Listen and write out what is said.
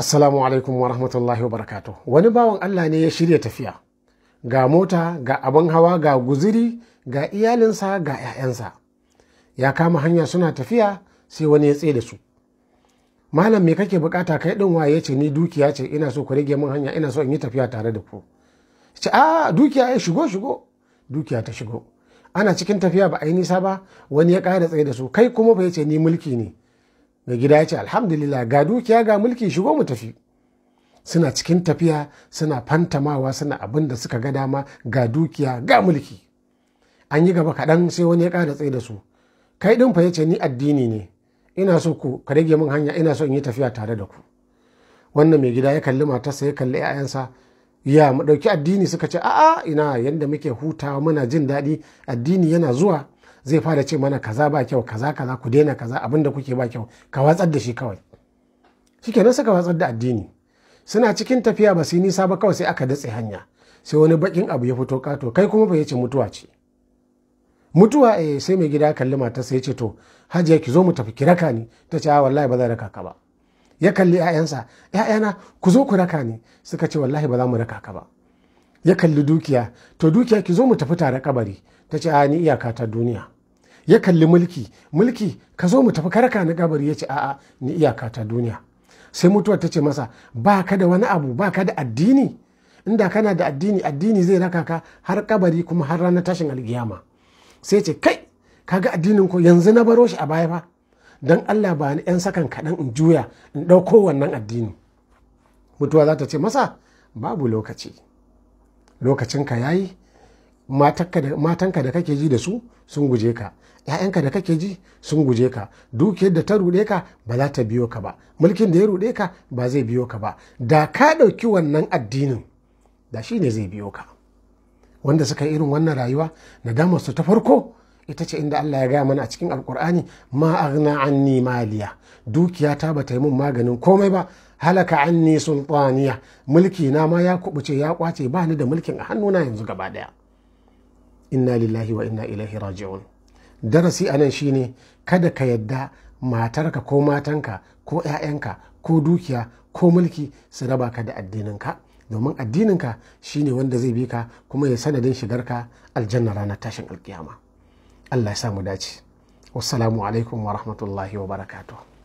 Assalamu alaikum wa rahmatullahi wa barakatuh. Wani bawan Allah ne ya shirya tafiya. Ga mota, ga abin hawa, ga guziri, ga iyalinsa, ga 'ya'yansa. Ya kama hanya suna tafiya sai wani ya tsaye da su. Malam me kake bukata kai din waye ce ni dukiya ce ina so ku rage min hanya ina so in yi tafiya tare da ku. Ce a dukiya ya eh, shigo shigo. Dukiya ta shigo. Ana cikin tafiya ba a yi nisa ba wani ya ƙara tsaye da su kai kuma ba ya ce ni mulki ne. mai gida ya ce alhamdulillah ga dukiya ga mulki shigo mu tafi suna cikin tafiya suna fantamawa suna abin da suka ga dama ga dukiya ga mulki an yi gaba kaɗan sai wani ya ƙara tsaye da su kai ɗin fa ya ce ni addini ne ina so ku ka rage min hanya ina so in yi tafiya tare da ku wannan mai gida ya kalli matarsa ya kalli 'ya'yansa ya mu ɗauki addini suka ce a'a ina yadda muke hutawa muna jin daɗi addini yana zuwa zai fara ce mana kaza ba kyau kaza kaza ku daina kaza abin da kuke ba kyau ka watsar da shi kawai shikenan suka watsar da addini suna cikin tafiya ba su yi nisa ba kawai sai aka datse hanya sai wani bakin abu ya fito kato kai kuma bai ce mutuwa ce mutuwa eh sai mai gida kalli matarsa ya ce to hajiya ki zo mu tafi ki raka ni ta ce wallahi ba za raka ka ba ya kalli 'ya'yansa 'ya'yana ku zo ku raka ni suka ce wallahi ba za mu raka ka ba ya kalli dukiya to dukiya ki zo mu tafi tare kabari ta ce a ni iyaka ta duniya ya kalli mulki mulki ka zo mu tafi karka na kabari ya ce a'a ni iyaka ta duniya sai mutuwar ta ce masa ba ka da wani abu ba ka da addini inda kana da addini addini zai raka ka har kabari kuma har ranar tashin alkiyama sai ce kai kaga addinin ko yanzu na baro shi a baya fa dan Allah ba ni 'yan sakan kaɗan in juya in ɗauko wannan addini mutuwa za ta ce masa babu lokaci lokacinka ya yi matanka da kake ji da su sun guje ka ‘ya'yanka da kake ji sun guje ka dukiyar da ta ruɗe ka ba za ta biyo ka ba mulkin da ya ruɗe ka ba zai biyo ka ba da ka ɗauki wannan addinin da shi ne zai biyo ka wanda suka irin wannan rayuwa nadamar su ta farko ita ce inda Allah ya gaya mana a cikin alkur'ani ma'agna an anni maliya dukiyata ba ta yi mun maganin komai ba halaka anni sultaniya mulki na ma ya kubuce ya kwace ba ni da mulkin a hannuna yanzu gaba daya inna lillahi wa inna ilaihi raji'un darasi anan shine kada ka yadda matarka ko matanka ko 'ya'yanka ko dukiya ko mulki su raba ka da addininka domin addininka shine wanda zai bi ka kuma ya sanadin shigar ka aljanna ranar tashin alkiyama allah ya mu dace wassalamu alaikum wa rahmatullahi wa barakatuh